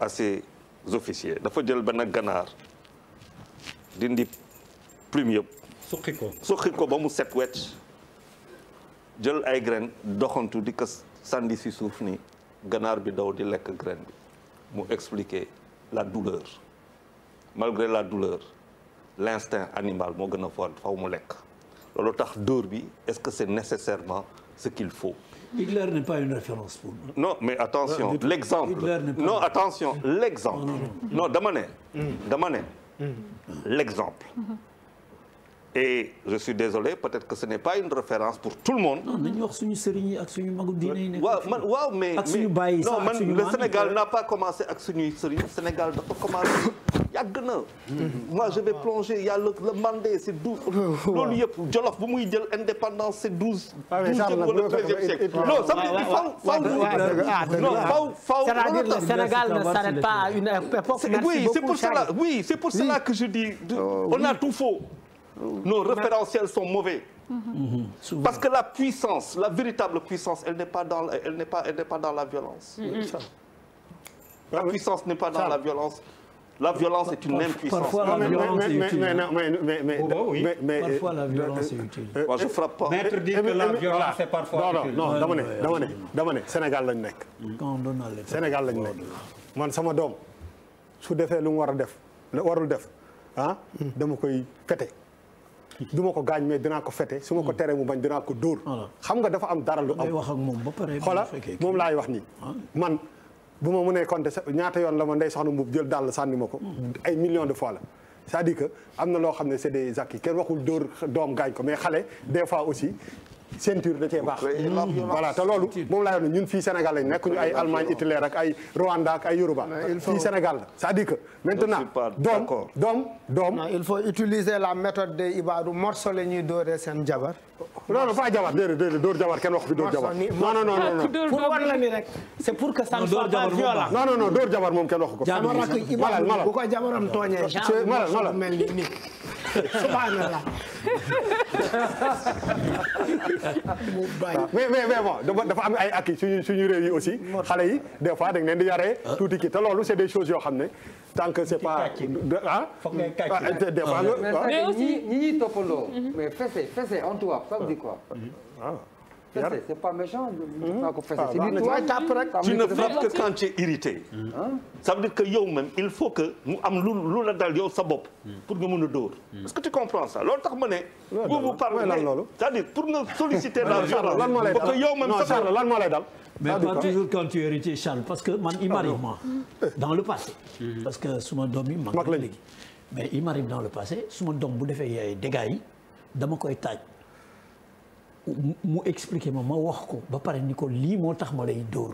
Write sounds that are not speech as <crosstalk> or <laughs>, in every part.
à ses dafa jël benn ganaar dindi plume yëpp. suqi ko suqi ko ba mu set wet jël ay graines doxantu di ko sandi si suuf ni ganaar bi daw di lekk graine bi mu expliquer la douleur malgré la douleur l'instinct animal moo gën a fort faw mu lekk loolu tax dóor bi est-ce que c'est nécessairement ce qu'il faut Hitler n'est pas une référence pour nous. non mais attention l'exemple non attention l'exemple non dama ne mm. dama ne mm. l'exemple mm-hmm. et je suis désolé peut-être que ce n'est pas une référence pour tout le monde. non nañu wax suñu sëriñ yi ak suñu magu diine yi. waaw man waaw mais mais non man le Sénégal n'a pas commencé ak suñuy sëriñ Sénégal dafa commencé. yàgg na. moi je vais plonger y a le le Mandé c'est douze. <laughs> loolu yëpp Jolof bu muy jël indépendance c'est douze. Ah, douze wala treizième siècle non ça veut dire faw faw. Ah, non faw faw c'est-à-dire le Sénégal ne s'arrête pas à une époque. oui c'est pour cela oui c'est pour cela que je dis. Ah, on a tout faux. Oh. nos référentiels sont mauvais. Mmh. Parce que la puissance, la véritable puissance, elle n'est pas dans elle n'est pas elle n'est pas dans la violence. Mmh. La puissance n'est pas dans la violence. la violence est une impuissance. Parfois la violence est utile. Mais mais mais oh, la violence est utile. Moi je frappe pas. Maître dit la violence est parfois dama ne dama ne dama Sénégal lañ nekk. Sénégal lañ nekk. man sama doom su defee lu mu war a def warul def ah dama koy fete. du ma ko gaañ mais dinaa ko fete su ma ko teree mu bañ dinaa ko dóor. xam nga dafa am dara lu am. wax moom ba pare. xoola moom laay wax nii ah. man. bu ma mënee compter ñaata yoon la ma ndey soxna mbubb jël daal sànni ma ko. ay millions de fois la. cest à am na loo xam ne c'est des acquis kenn waxul dóor doom gaañ ko mais xale des fois aussi ceinture da cee baax voilà loolu moom laa yoon ñun fii Sénégal lañ nekk ñu ay Allemagne Italie ak ay Rwanda ak ay Yoruba fii Sénégal la cest maintenant doom il faut utiliser la méthode de Ibadou morceau la ñuy dooree seen jabar non non pas jabar déedéet déedéet dóor jabar kenn wax fi dóor jabar non non non pour wan la ni rek c'est pour que ça ne soit pas violent non jabar moom kenn wax ko malal malal bu ko jabaram tooñee ni subhanallah mu bàyyi mais mais mais bon dafa am ay acquis suñu suñu réew yi aussi xale yi des fois dañ leen di yaree ah. tuuti kii te loolu c'est des choses yoo xam ne tant que c'est pas ah, ah des fois ah. mais aussi ñi ñuy toppandoo mm-hmm. mais fessé fessé en toi ça veut dire quoi mm-hmm. c'est pas méchant. waaye tàpp rek. tu ne frappes que quand tu es irrité. ça que yow même il faut que mu am lu lu la dal yow sa bopp. pour nga mën a dóor. est que tu comprends ça loolu tax ma ne. loolu vous parlez c'est-à-dire pour nga solliciter la violence. lan moo lay dal yow même lan moo lay dal. mais pas toujours quand tu es héritier parce que man il m'arrive moi <laughs> dans le passé. Mm-hmm. parce que suma doom yi mag la léegi. mais il m'arrive dans le passé suma doom bu defee dégâts yi dama koy taaj. mu expliquer ma ma wax ko ba pare ni ko lii moo tax ma lay dóor.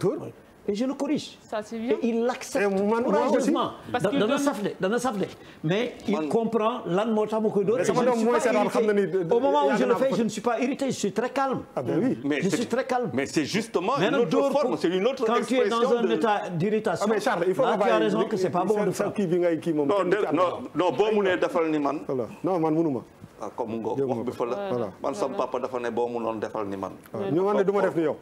et je le corrige. ça c'est bien et il l'accepte. courageusement dana saf de dana saf de mais il comprend lan moo tax ma koy dóor. sama doom mooy seetaan xam na ni au moment où je le fais je ne suis pas irrité je suis très calme. ah ben oui mais je suis très calme. mais c'est justement une autre forme c'est une autre expression de quand tu es dans un état d'irritation. Ah, mais Charles il faut que tu as raison que c'est pas bon de faire. non non non boo munee defal ni man. non man munuma. ah comme nga wax bi fa la man sam papa dafa ne boo munoon defal ni man. ñu nga ne du def ni yow.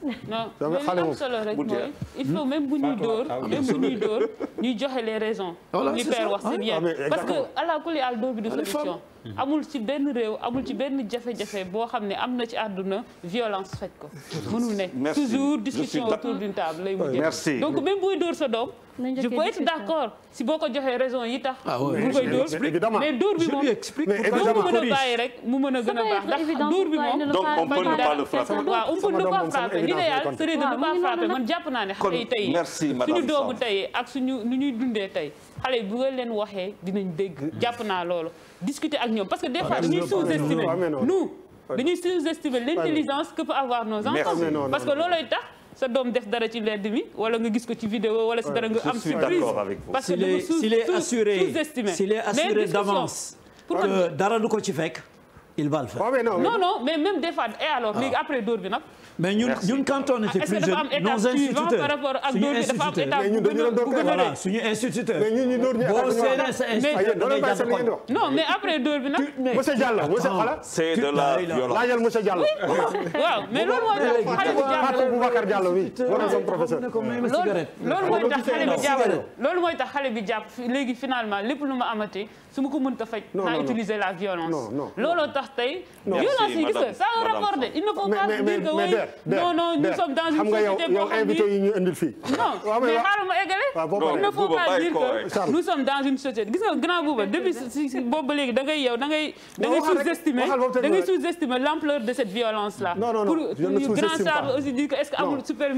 <laughs> non xale moom solo rek mooy il faut même bu ñuy dóor ah même bu ñuy dóor ñuy joxe les raisons. voilà li père wax c'est ah, bien ah, parce que allah kulli àll dóor bi du solution. amul ci benn réew amul ci benn jafe-jafe boo xam ne am na ci àdduna violence faj ko mënul ne. toujours discussion autour d'une table lay mujjee. donc même buy dóor sa doom. je peux être d'accord si boo ko joxee raison yi tax. bu koy dóor mais dóor bi moom dóor bu mën a mu mën a gën a baax ndax bi moom. donc on jàpp naa ne xale yi tey suñu doomu tey ak suñu nu ñuy dundee tey xale yi bu leen waxee dinañ dégg jàpp naa loolu discuter ak ñoom parce que des fois dañuy sous-estimer nous dañuy sous-estimer l'intelligence que peut avoir nos parce que looloy tax sa doom def dara ci mbedd mi wala nga gis ko ci vidéo wala si dara nga am surprise parce que s'il est assuré s'il est assuré d'avance euh, dara du ko ci fekk il va le faire. Oh, mais non, non, non, mais même des fois et alors léegi ah. après dóor bi nag. mais ñun ñun quand on était plus jeune nos instituteurs suñu instituteurs voilà suñu instituteurs. mais ñun ñu dóor ñu mais non mais après dóor bi nag. monsieur Diallo monsieur voilà. c'est de la violence laajal monsieur Diallo. <laughs> waaw mais loolu mooy tax xale bi Boubacar Diallo oui. waroon sama professeur. loolu mooy tax xale bi jàpp loolu mooy tax xale bi jàpp léegi finalement lépp lu ma amati su ma ko mënta faj. non non naa utiliser la violence. looloo tax tax tey. violence yi gis nga ça a rapport de il ne faut pas dire que oui non non nous sommes dans une société boo xam ni yi ñu indil fii. non mais xaaral ma eggale. Ah, il ne faut pas dire que nous sommes dans une société gis nga grand booba depuis si boobu ba léegi da ngay yow da ngay. da ngay sous-estimer da ngay sous-estimer l'ampleur de cette violence là. non non pour grand Sarr aussi dire que est-ce que amul super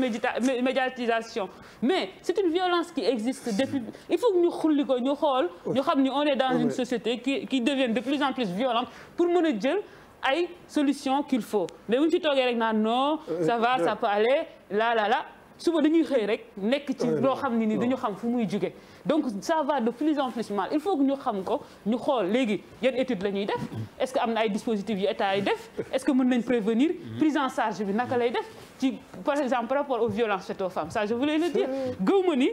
médiatisation mais c'est une violence qui existe depuis il faut que ñu xulli ko ñu xool ñu xam ni on est dans une société qui qui devient de plus en plus violente pour mën a a jël ay solution qu'il faut mais bu ñu ci toogee rek naan non euh, ça va euh, ça peut aller là là là suba dañuy xëy rek nekk ci euh, loo xam ni ni dañu xam fu muy jóge donc ça va de plus en plus mal il faut que ñu xam ko ñu xool léegi yan étude la ñuy def est-ce que am na ay dispositifs yu état yi def est-ce que mën nañ prévenir prise en charge bi naka lay def ci par exemple par rapport aux violences faites je voulais le dire gëw ma ni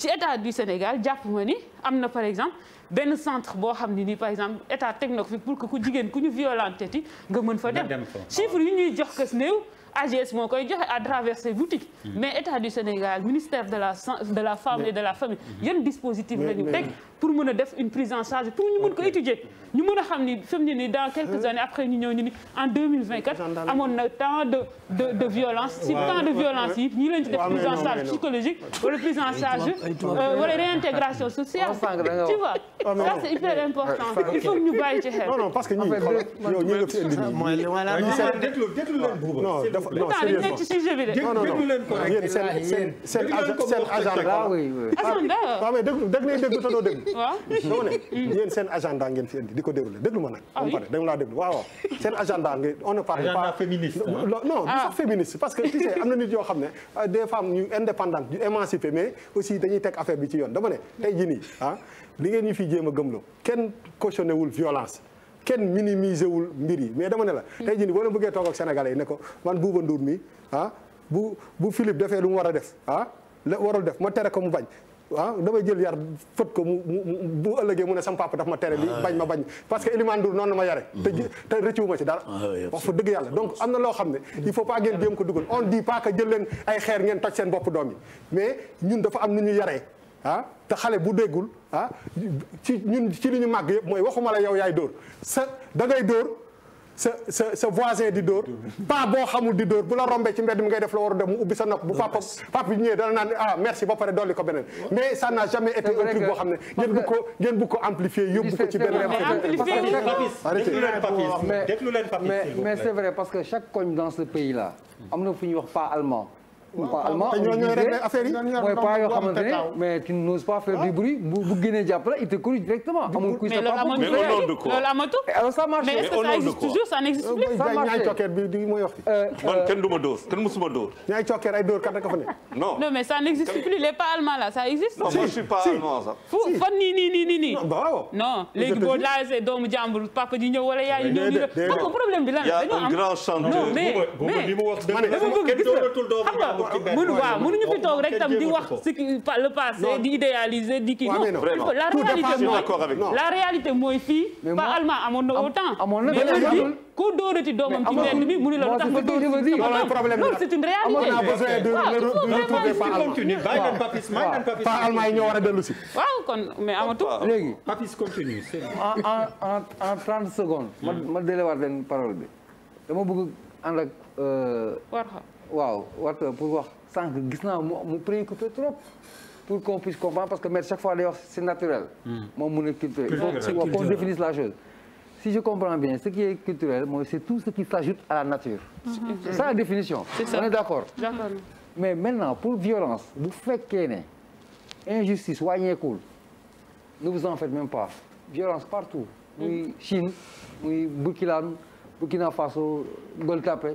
ci état du Sénégal jàpp ma ni am na par exemple benn centre boo xam ne ni par exemple état teg ko fi pour que ku jigéen ku ñu violenté ti nga mën fa dem chiffre yu ñuy jox kës néew AGS moo koy joxe à travers ses boutiques mm-hmm. mais état du Sénégal ministère de la de la femme et de la famille mm-hmm. yan dispositif la ñu pour mën a def une prise en charge pour ñu mën ko étudier ñu mën a ni dans quelques années après ñu ni en 2024 amoon na tant de violence si tant de violence yi ñii lañ ci def prise en charge psychologique wala prise en charge euh, wala réintégration sociale tu vois Ah, ça c'est ah, que ñu bàyyi ci xel. non parce que ñii xoolal yow ñu ngi fi een nii. seen seen seen <laughs> mm. seen agenda. agenda waaw mais déglu dégg nañu déglu te doo ngeen fi indi di ko déroulé déglu ma nag. ah da laa déglu waaw waaw seen agenda ngeen ne parle pas. agenda féministe non du ah. sax féministe parce que tu sais am na nit yoo xam ne euh, des femmes ñu indépendant ñu émancipées mais aussi dañuy teg affaire bi ci yoon dama ne tey jii nii li ngeen ñu fi jéem a loo kenn cautionné wul violence kenn minimisé wul mbir yi mais dama ne la. tey jii nii boo leen bëggee toog ak sénégalais yi ne ko man Bouba Ndour mi ah bu bu Philippe defee lu mu war a def ah la warul def ma tere ko mu bañ. ah damay jël yar fët ko mu mu bu ëllëgee mu ne sama papa daf ma tere li ah. bañ ma bañ parce que Elimane Ndour noonu la ma yare te mhm. te rëccu ma ci dara ah, wax fa dëgg yàlla donc am na loo xam ne il faut pas ngeen jéem ko dugal on dit pas que jël leen ay xeer ngeen toj seen bopp doom mais ñun dafa am nu ñu yaree ah te xale bu déggul ah ci ñun ci li ñu màgg yëpp mooy waxuma la yow yaay dóor sa da ngay dóor sa sa sa voisin di dóor pas boo xamul di dóor bu la rombee ci mbedd mi ngay def la war a def mu ubbi sa nopp bu papa papa ñëwee dana naan ah merci ba pare dolli ko beneen mais ça n'a jamais été boo xam ne ngeen bu ko ngeen bu ko amplifier yóbbu ko ci beneen mais c'est vrai parce que chaque coin dans ce pays là am na fu ñuy wax pas allemand pas allemand mooy pas yoo xamante ne mais qui n'ose pas faire du bruit bu génnee jàppale te corrige directement. amul kuy sa papa mais loolu amatu euh, mais est-ce que ça existe euh, plus. ça marche ñaay bi mooy wax. kenn du ma kenn musuma dóor. ñaay cokkeer ay dóor kat rek fa ne. non non mais ça n'existe plus les pas allemands là ça existe. non moi je suis pas allemand sax. fu fan nii nii nii nii nii. non léegi boo laajee doomu jàmbur papa wala yaay ñëw ñu ne. Ah, problème bi lan la mënu waaw mënuñu fi toog rek tam di wax ce qui le passé di idéaliser di kii la réalité mooy la réalité mooy fii pas allemand amoon na autant mais ku dóorati doomam ci benn mu ne la lu tax nga dóor loolu c'est une a pas allemand yi ñoo war a dellu si waaw kon mais amatu léegi papis continue en trente secondes ma délewaat leen parole bi dama bëgg waaw Whatsapp pour wax sànq gis naa mu préoccupé trop pour qu'on puisse comprendre parce que maître chaque fois day wax c'est naturel. Hmm. moom mu ne culturel. il faut qu'on définisse la chose. si je comprends bien ce qui est culturel mooy c'est tout ce qui s'ajoute à la nature. c'est ça la définition. c'est ça on est d'accord. d'accord. mais maintenant pour violence bu fekkee ne injustice wàññeekul ne vous en faites même pas violence partout. muy hmm. Chine muy Burkina Burkina Faso Gueule Tapée.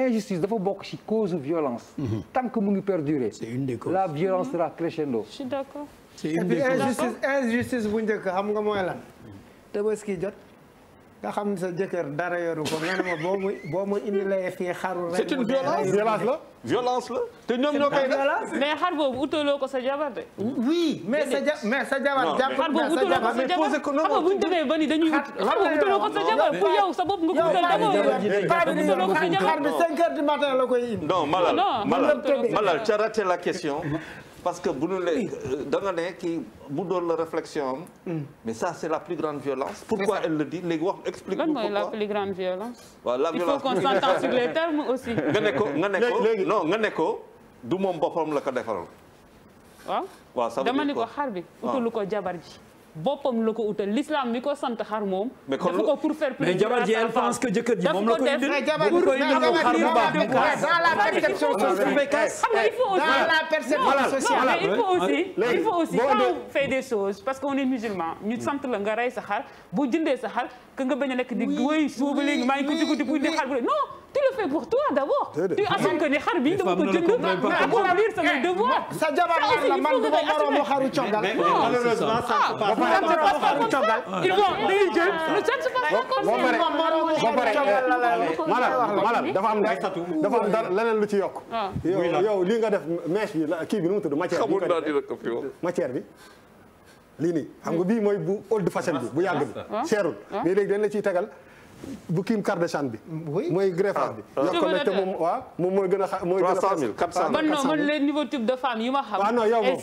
injustice dafa bokk ci cause violence. Mhm. tant que mu ngi perdurer. c'est une la violence sera crescendo. je suis d'accord. c'est une des causes injustice injustice bu njëkk xam nga mooy lan. Mhm. tabaski jot. nga xam ne sa jëkkër dara yoru ko nga ne ma boo muy boo muy indi lay fii xaru rek. c'est une violence violence la violence la. te ñoom ñoo koy def mais xar boobu utaloo ko sa jabar oui mais sa mais sa jabar. jàpp na sa ko non non bu ñu ba ni dañuy ut. xar boobu utaloo sa jabar pour yow sa bopp nga ko utal dama yow. paa bi ko sa jabar xar bi 5 heures du matin la koy indi. non malal malal malal la question. parce que bu ñu nee euh, da nga ne kii bu doon la réflexion am. Mm. mais ça la plus grande violence. pourquoi elle le dit léegi wax explique. la plus grande violence. il faut qu'on sur les termes aussi. <laughs> nga ne ko nga ne ko ne ko du moom boppam la ko defaral. waaw dama ni ko xar bi utalu ji. boppam la ko utal l'islam mi ko sant xar moom. dafa ko pour faire plaisir jabar ji elle pense que jëkkër ji moom la ko indil. dafa ko def mais jabar il faut aussi dans il faut aussi il faut aussi quand fait des choses parce qu'on est musulman ñu sant la nga rey sa xar bu jëndee sa xar que nga bañ a nekk di woy suuba léegi maa ngi ko di xar bu non. tu le fais pour toi d'abord. tu assumes que ni xar bi dama ko jënd accomplir sama devoir. sa jabar la man du ma moromu xaru congal. malheureusement ça ne passe pas. ça ne passe pas comme ça. il faut day jël. ça ne se passe pas comme ça. voilà dafa am dafa am dara leneen lu ci yokk. yow li nga def mèche bi kii bi nu mu tudd matière bi. matière bi. lii nii xam nga bii mooy bu old fashion bi bu yàgg bi seerul mais léegi dañ la ciy tegal bu kiim Kardashian bi. oui mooy greffage bi. Ah. yokk ko te moom ah. waaw moom mooy gën a xa mooy. 300000 400000 man non man les niveau type de femme yi ma xam. ah non yow moom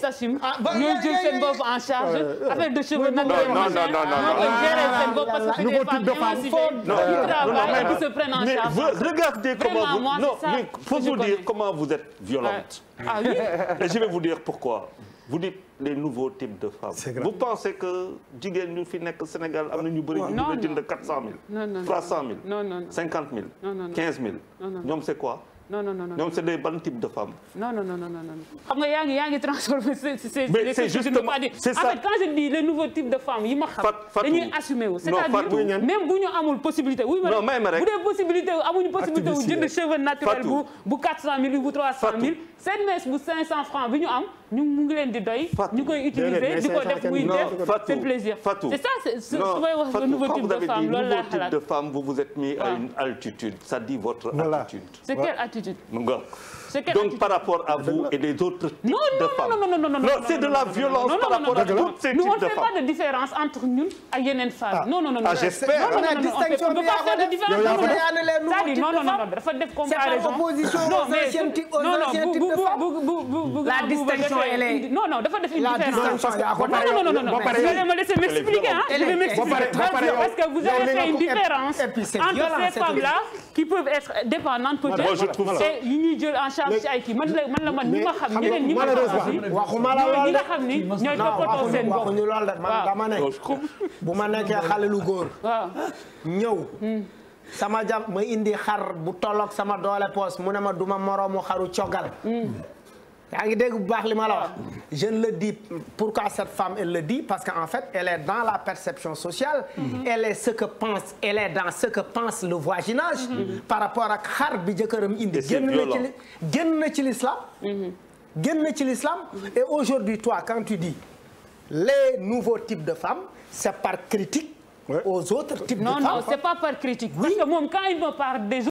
ñoo jël seen bopp en charge. affaire de cheveux nag. non non non non non ñoo gérer seen bopp parce que niveau type de femme foofu. non non non qui se prennent en charge. mais regardez comment vous non mais faut vous dire comment vous êtes violente. Ah, ah oui et je vais vous dire pourquoi vous dites. des nouveaux types de femmes. c'est grave. vous pensez que jigéen ñu fi nekk Sénégal am na ñu bëri ñu bëgg a jënd quatre cent mille. non non trois cent mille. non non cinquante mille. non non quinze mille. ñoom c'est quoi. non non non non ñoom c'est des ban type de femmes. non non non non non xam nga yaa ngi yaa ngi transformé. c'est c'est mais c'est justement c'est ça en fait quand je dis le nouveau type de femme yi ma xam. dañuy assumer wu. c'est-à-dire même bu ñu amul possibilité. wuy ma rek bu dee possibilité amuñu possibilité wu jënd cheveux naturels bu bu quatre cent mille bu trois cent mille. seen mèche bu cinq cent francs bi ñu am. ñu mu ngi leen di doy. ñu koy utiliser di ko def muy def c'est plaisir. Fatou c'est ça c'est su may wax le nouveau type de femme loolu laa xalaat nouveau type de femme vous vous êtes mis à une altitude ça dit votre attitude. c'est quelle attitude. donc par rapport à vous et les autres types de femmes non non non non non c'est de la violence par rapport à tous ces types de femmes on ne fait pas de différence entre ñun ak yeneen femmes non non non ah j'espère non non non on peut pas faire de différence non non non dafa def comparaison non mais non non bu bu bu bu la distinction elle non non dafa def une différence. non non non non ma laisser m'expliquer hein. je vais m'expliquer parce que vous avez fait une différence entre ces femmes là qui peuvent être dépendantes peut-être et yi ñuy jël en charge ci ay kii man la man la man ñi ma xam ñeneen ñi ma xam ñi nga xam ni ñooy toppatoo seen bopp waxuñu lool de man dama ne bu ma nekkee xale lu góor waaw ñëw sama jam ma indi xar bu tolloog sama doole poos mu ne ma duma moroomu xaru cogal yaa ngi dégg bu ma la je ne le dis pourquoi cette femme elle le dit parce que en fait elle est dans la perception sociale mhm. elle est dans ce que pense le voisinage mhm. Mhm. par rapport a xar bi jëkkëram indi génn na ci génn na ci l'islam génn na ci l'islam et aujourd'hui toi quand tu dis les nouveaux types de femmes c'est par critique aux autres types de femmes non c'est pas par critique parce que moom quand il me parle des